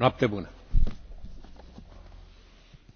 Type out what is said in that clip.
noapte bună!